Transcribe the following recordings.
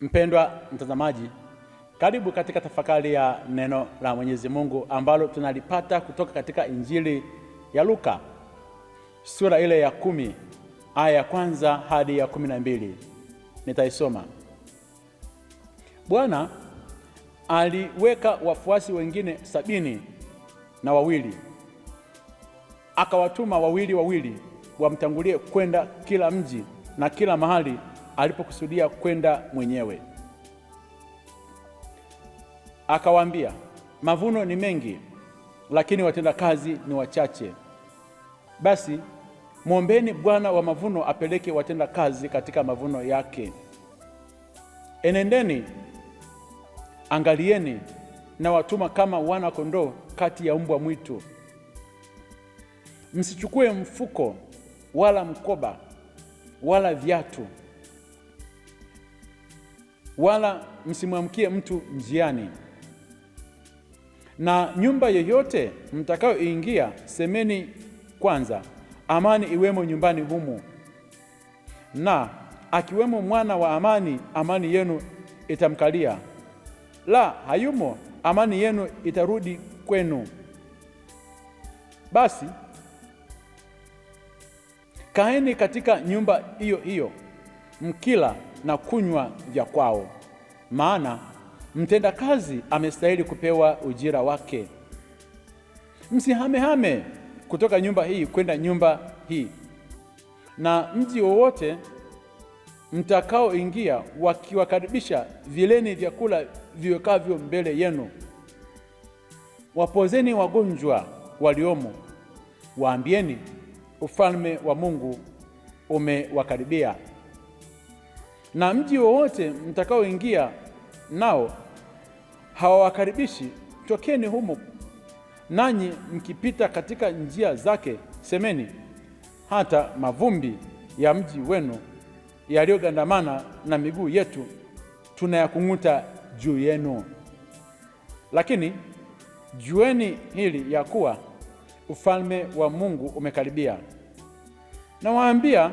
Mpendwa mtazamaji, karibu katika tafakari ya neno la Mwenyezi Mungu ambalo tunalipata kutoka katika Injili ya Luka sura ile ya kumi aya ya kwanza hadi ya kumi na mbili. Nitaisoma. Bwana aliweka wafuasi wengine sabini na wawili akawatuma wawili wawili wamtangulie kwenda kila mji na kila mahali alipokusudia kwenda mwenyewe. Akawaambia, mavuno ni mengi, lakini watenda kazi ni wachache. Basi mwombeni Bwana wa mavuno apeleke watenda kazi katika mavuno yake. Enendeni, angalieni, na watuma kama wana kondoo kati ya mbwa mwitu. Msichukue mfuko wala mkoba wala viatu wala msimwamkie mtu njiani. Na nyumba yoyote mtakayoingia, semeni kwanza, amani iwemo nyumbani humu, na akiwemo mwana wa amani, amani yenu itamkalia; la hayumo, amani yenu itarudi kwenu. Basi kaeni katika nyumba hiyo hiyo mkila na kunywa vya kwao, maana mtendakazi amestahili kupewa ujira wake. Msihamehame kutoka nyumba hii kwenda nyumba hii, na mji wowote mtakaoingia wakiwakaribisha, vileni vyakula viwekavyo mbele yenu, wapozeni wagonjwa waliomo, waambieni ufalme wa Mungu umewakaribia na mji wowote mtakaoingia nao hawawakaribishi, tokeni humo. Nanyi mkipita katika njia zake, semeni, hata mavumbi ya mji wenu yaliyogandamana na miguu yetu tunayakung'uta juu yenu. Lakini jueni hili ya kuwa ufalme wa Mungu umekaribia. Nawaambia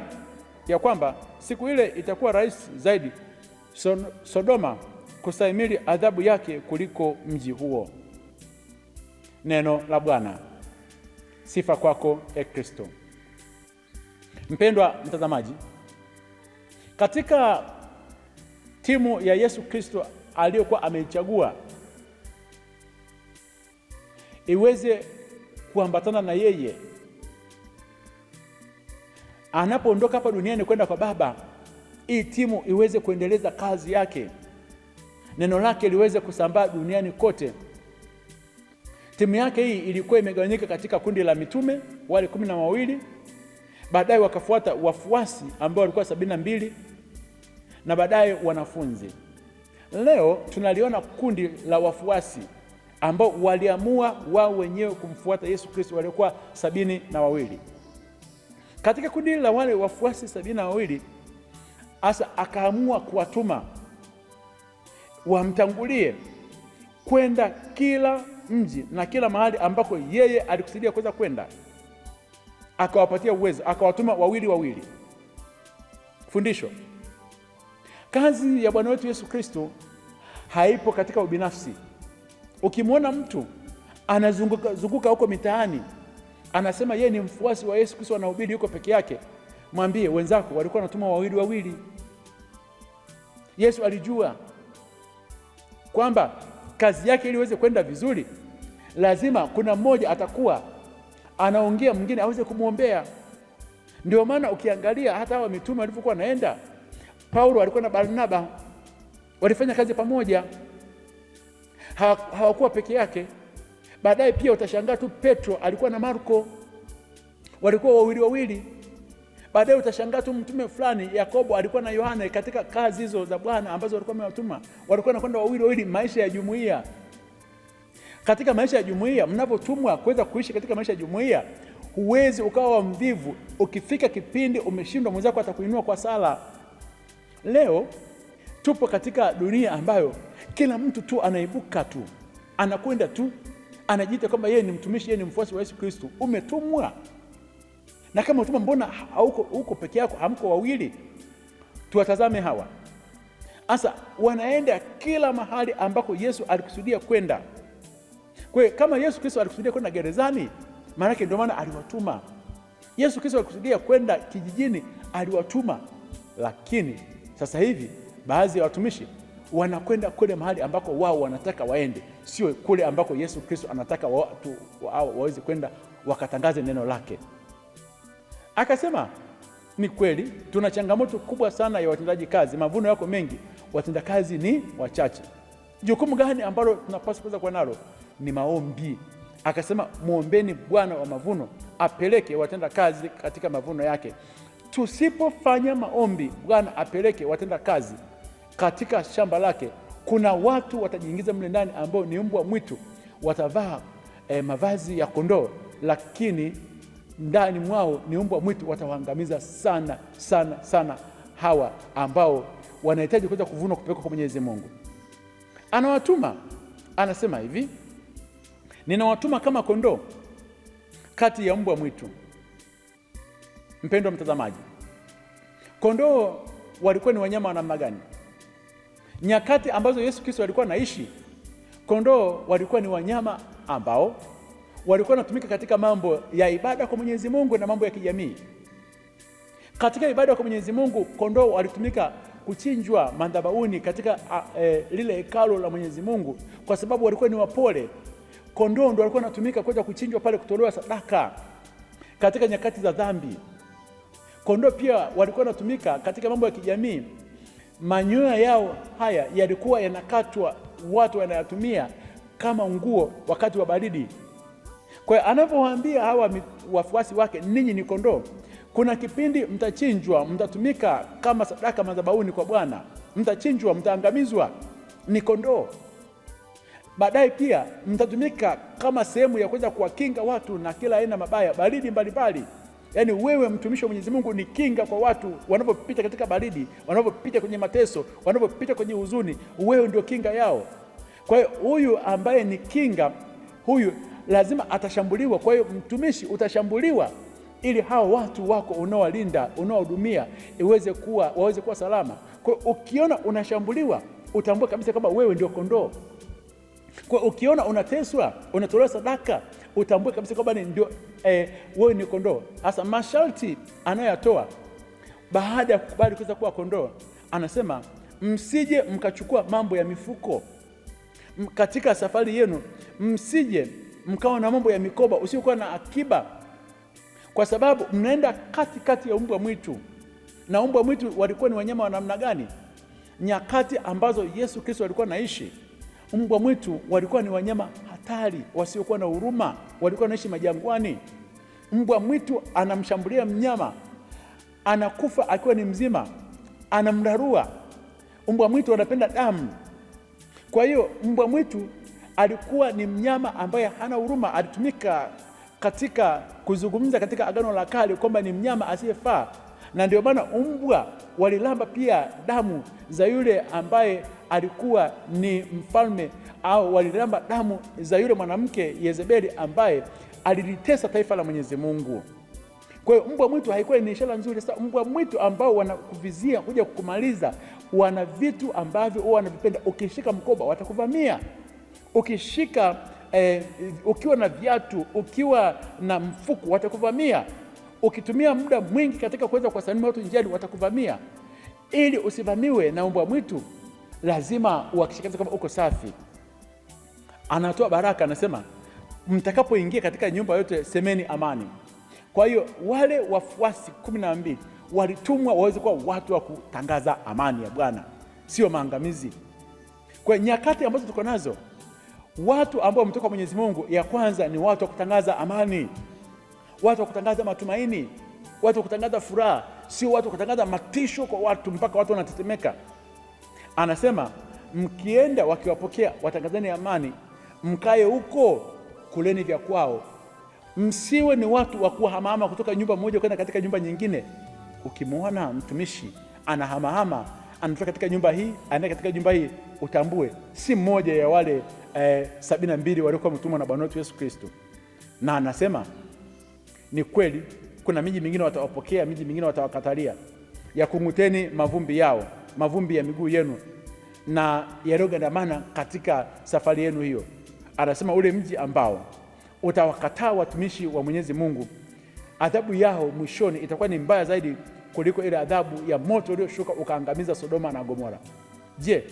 ya kwamba siku ile itakuwa rahisi zaidi Sodoma kustahimili adhabu yake kuliko mji huo. Neno la Bwana. Sifa kwako, e Kristo. Mpendwa mtazamaji, katika timu ya Yesu Kristo aliyokuwa ameichagua iweze kuambatana na yeye anapoondoka hapa duniani kwenda kwa Baba, hii timu iweze kuendeleza kazi yake, neno lake liweze kusambaa duniani kote. Timu yake hii ilikuwa imegawanyika katika kundi la mitume wale kumi na wawili, baadaye wakafuata wafuasi ambao walikuwa sabini na mbili na baadaye wanafunzi. Leo tunaliona kundi la wafuasi ambao waliamua wao wenyewe kumfuata Yesu Kristo waliokuwa sabini na wawili. Katika kundi la wale wafuasi sabini na wawili hasa akaamua kuwatuma wamtangulie kwenda kila mji na kila mahali ambako yeye alikusudia kuweza kwenda, akawapatia uwezo, akawatuma wawili wawili. Fundisho: kazi ya Bwana wetu Yesu Kristo haipo katika ubinafsi. Ukimwona mtu anazunguka zunguka huko mitaani anasema yeye ni mfuasi wa Yesu Kristo, anahubiri yuko peke yake, mwambie wenzako walikuwa wanatuma wawili wawili. Yesu alijua kwamba kazi yake ili iweze kwenda vizuri, lazima kuna mmoja atakuwa anaongea, mwingine aweze kumwombea. Ndio maana ukiangalia hata hawa mitume walivyokuwa wanaenda, Paulo alikuwa na Barnaba, walifanya kazi pamoja, hawakuwa peke yake. Baadaye pia utashangaa tu Petro alikuwa na Marko, walikuwa wawili wawili. Baadaye utashangaa tu mtume fulani Yakobo alikuwa na Yohane. Katika kazi hizo za Bwana ambazo walikuwa wamewatuma, walikuwa nakwenda wawili wawili, maisha ya jumuiya. Katika maisha ya jumuiya, mnapotumwa kuweza kuishi katika maisha ya jumuiya, huwezi ukawa mvivu. Ukifika kipindi umeshindwa, mwenzako atakuinua kwa sala. Leo tupo katika dunia ambayo kila mtu tu anaibuka tu anakwenda tu anajiita kwamba yeye ni mtumishi, yeye ni mfuasi wa Yesu Kristo. Umetumwa, na kama utuma, mbona hauko huko peke yako? Hamko wawili? Tuwatazame hawa sasa, wanaenda kila mahali ambako Yesu alikusudia kwenda. Kwa hiyo kama Yesu Kristo alikusudia kwenda gerezani, maanake ndio maana aliwatuma. Yesu Kristo alikusudia kwenda kijijini, aliwatuma. Lakini sasa hivi baadhi ya watumishi wanakwenda kule mahali ambako wao wanataka waende sio kule ambako Yesu Kristo anataka watu wa, waweze kwenda wakatangaze neno lake. Akasema ni kweli tuna changamoto kubwa sana ya watendaji kazi, mavuno yako mengi, watendakazi ni wachache. Jukumu gani ambalo tunapaswa kuweza kuwa nalo? Ni maombi. Akasema mwombeni Bwana wa mavuno apeleke watenda kazi katika mavuno yake. Tusipofanya maombi, Bwana apeleke watenda kazi katika shamba lake kuna watu watajiingiza mle ndani ambao ni mbwa mwitu, watavaa eh, mavazi ya kondoo, lakini ndani mwao ni mbwa mwitu. Watawaangamiza sana sana sana hawa ambao wanahitaji kuweza kuvunwa kupelekwa kwa Mwenyezi Mungu. Anawatuma, anasema hivi, ninawatuma kama kondoo kati ya mbwa mwitu. Mpendwa mtazamaji, kondoo walikuwa ni wanyama wa namna gani? Nyakati ambazo Yesu Kristo alikuwa anaishi, kondoo walikuwa ni wanyama ambao walikuwa wanatumika katika mambo ya ibada kwa Mwenyezi Mungu na mambo ya kijamii. Katika ibada kwa Mwenyezi Mungu, kondoo walitumika kuchinjwa madhabahuni katika e, lile hekalo la Mwenyezi Mungu, kwa sababu walikuwa ni wapole. Kondoo ndio walikuwa wanatumika kwenda kuchinjwa pale, kutolewa sadaka katika nyakati za dhambi. Kondoo pia walikuwa wanatumika katika mambo ya kijamii manyoya yao haya yalikuwa yanakatwa, watu wanayatumia kama nguo wakati wa baridi. Kwa hiyo anapowaambia hawa wafuasi wake, ninyi ni kondoo, kuna kipindi mtachinjwa, mtatumika kama sadaka madhabahuni kwa Bwana, mtachinjwa, mtaangamizwa, ni kondoo. Baadaye pia mtatumika kama sehemu ya kuweza kuwakinga watu na kila aina mabaya, baridi mbalimbali. Yaani wewe mtumishi wa Mwenyezi Mungu ni kinga kwa watu wanapopita katika baridi, wanapopita kwenye mateso, wanapopita kwenye huzuni, wewe ndio kinga yao. Kwa hiyo huyu ambaye ni kinga huyu lazima atashambuliwa. Kwa hiyo mtumishi, utashambuliwa ili hao watu wako unaowalinda unaohudumia iweze kuwa waweze kuwa salama. Kwa hiyo ukiona unashambuliwa, utambue kabisa kwamba wewe ndio kondoo. Kwa ukiona unateswa, unatolewa sadaka, utambue kabisa kwamba ndio eh, wewe ni kondoo. Hasa masharti anayoyatoa baada ya kukubali kuweza kuwa kondoo, anasema msije mkachukua mambo ya mifuko katika safari yenu, msije mkawa na mambo ya mikoba, usiokuwa na akiba, kwa sababu mnaenda katikati ya umbwa mwitu. Na umbwa mwitu walikuwa ni wanyama wa namna gani nyakati ambazo Yesu Kristo alikuwa naishi? Mbwa mwitu walikuwa ni wanyama hatari wasiokuwa na huruma, walikuwa wanaishi majangwani. Mbwa mwitu anamshambulia mnyama, anakufa akiwa ni mzima, anamrarua. Mbwa mwitu anapenda damu. Kwa hiyo mbwa mwitu alikuwa ni mnyama ambaye hana huruma. Alitumika katika kuzungumza katika Agano la Kale kwamba ni mnyama asiyefaa, na ndio maana mbwa walilamba pia damu za yule ambaye alikuwa ni mfalme au waliramba damu za yule mwanamke Yezebeli ambaye alilitesa taifa la Mwenyezi Mungu. Kwa hiyo mbwa mwitu haikuwa ni ishara nzuri. Sasa mbwa mwitu ambao wanakuvizia kuja kukumaliza, wana vitu ambavyo wao wanavipenda. Ukishika mkoba watakuvamia, ukishika eh, ukiwa na viatu, ukiwa na mfuku watakuvamia, ukitumia muda mwingi katika kuweza kuwasalimia watu njiani watakuvamia. Ili usivamiwe na mbwa mwitu, lazima uhakikishe kama uko safi. Anatoa baraka, anasema mtakapoingia katika nyumba yote semeni amani. Kwa hiyo wale wafuasi kumi na mbili walitumwa waweze kuwa watu wa kutangaza amani ya Bwana, sio maangamizi. Kwa nyakati ambazo tuko nazo, watu ambao wametoka mwenyezimungu Mwenyezi Mungu, ya kwanza ni watu wa kutangaza amani, watu wa kutangaza matumaini, watu wa kutangaza furaha, sio watu wa kutangaza matisho kwa watu mpaka watu wanatetemeka anasema mkienda wakiwapokea watangazeni amani, mkae huko, kuleni vya kwao, msiwe ni watu wa kuhamahama kutoka nyumba moja kwenda katika nyumba nyingine. Ukimwona mtumishi anahamahama, anatoka katika nyumba hii anaenda katika nyumba hii, utambue si mmoja ya wale eh, sabini na mbili waliokuwa mtumwa na Bwana wetu Yesu Kristo. Na anasema ni kweli, kuna miji mingine watawapokea, miji mingine watawakatalia, yakung'uteni mavumbi yao mavumbi ya miguu yenu na yaliyogandamana katika safari yenu hiyo. Anasema ule mji ambao utawakataa watumishi wa Mwenyezi Mungu, adhabu yao mwishoni itakuwa ni mbaya zaidi kuliko ile adhabu ya moto ulioshuka ukaangamiza Sodoma na Gomora. Je,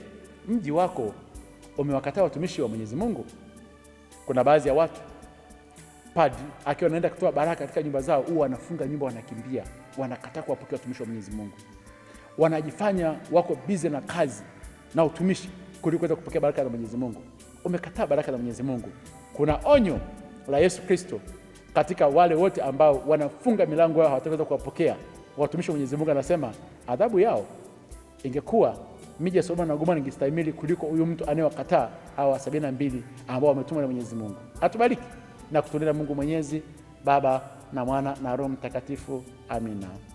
mji wako umewakataa watumishi wa Mwenyezi Mungu? Kuna baadhi ya watu padri akiwa anaenda kutoa baraka katika nyumba zao, huwa wanafunga nyumba, wanakimbia, wanakataa kuwapokea watumishi wa Mwenyezi Mungu wanajifanya wako busy na kazi na utumishi kuliko kuweza kupokea baraka za Mwenyezi Mungu. Umekataa baraka za Mwenyezi Mungu. Kuna onyo la Yesu Kristo katika wale wote ambao wanafunga milango yao hawataweza kuwapokea watumishi wa Mwenyezi Mungu. Anasema adhabu yao ingekuwa miji ya Sodoma na Gomora ingestahimili kuliko huyu mtu anayewakataa hawa sabini na mbili ambao wametumwa na Mwenyezi Mungu. Atubariki na kutulinda Mungu Mwenyezi, Baba na Mwana na Roho Mtakatifu. Amina.